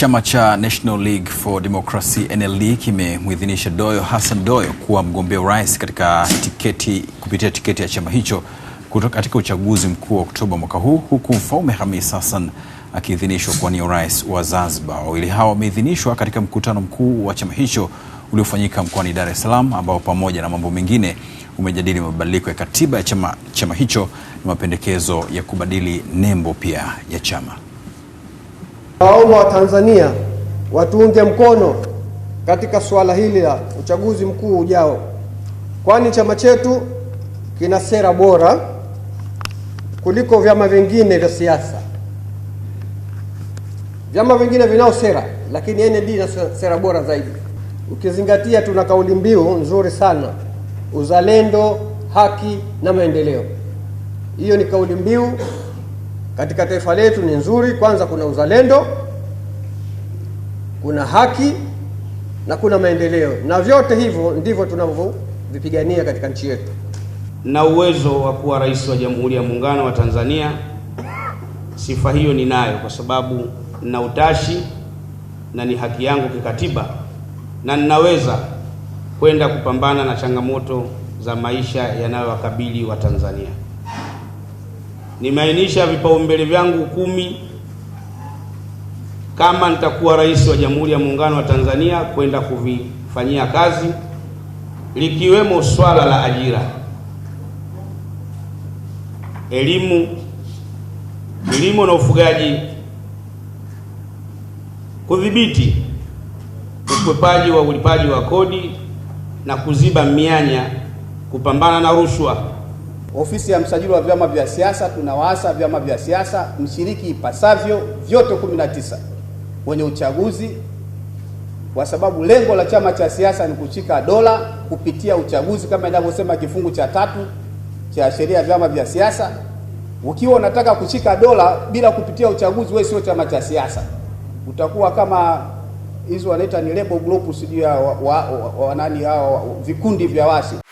Chama cha National League for Democracy NLD kimemwidhinisha Doyo Hassan Doyo kuwa mgombea urais katika tiketi kupitia tiketi ya chama hicho kutoka katika uchaguzi mkuu wa Oktoba mwaka huu, huku Mfaume Hamis Hassan akiidhinishwa kuwania urais wa Zanzibar. Wawili hao wameidhinishwa katika mkutano mkuu wa chama hicho uliofanyika mkoani Dar es Salaam, ambao pamoja na mambo mengine umejadili mabadiliko ya katiba ya chama, chama hicho na mapendekezo ya kubadili nembo pia ya chama. Nawaomba Watanzania watuunge mkono katika suala hili la uchaguzi mkuu ujao, kwani chama chetu kina sera bora kuliko vyama vingine vya siasa. Vyama vingine vinao sera, lakini NLD ina sera bora zaidi, ukizingatia tuna kauli mbiu nzuri sana, uzalendo, haki na maendeleo. Hiyo ni kauli mbiu katika taifa letu ni nzuri. Kwanza kuna uzalendo, kuna haki na kuna maendeleo, na vyote hivyo ndivyo tunavyovipigania katika nchi yetu. Na uwezo wa kuwa rais wa Jamhuri ya Muungano wa Tanzania, sifa hiyo ninayo kwa sababu nina utashi na ni haki yangu kikatiba, na ninaweza kwenda kupambana na changamoto za maisha yanayowakabili Watanzania nimeainisha vipaumbele vyangu kumi kama nitakuwa rais wa Jamhuri ya Muungano wa Tanzania kwenda kuvifanyia kazi, likiwemo swala la ajira, elimu, kilimo na ufugaji, kudhibiti ukwepaji wa ulipaji wa kodi na kuziba mianya, kupambana na rushwa Ofisi ya msajili wa vyama vya siasa, tunawaasa vyama vya siasa mshiriki ipasavyo vyote 19 kwenye uchaguzi, kwa sababu lengo la chama cha siasa ni kushika dola kupitia uchaguzi, kama inavyosema kifungu cha tatu cha sheria ya vyama vya siasa. Ukiwa unataka kushika dola bila kupitia uchaguzi, wewe sio chama cha siasa, utakuwa kama hizo wanaita ni lebo group, sijui wa, wa, wa, wa, nani hao vikundi vya wasi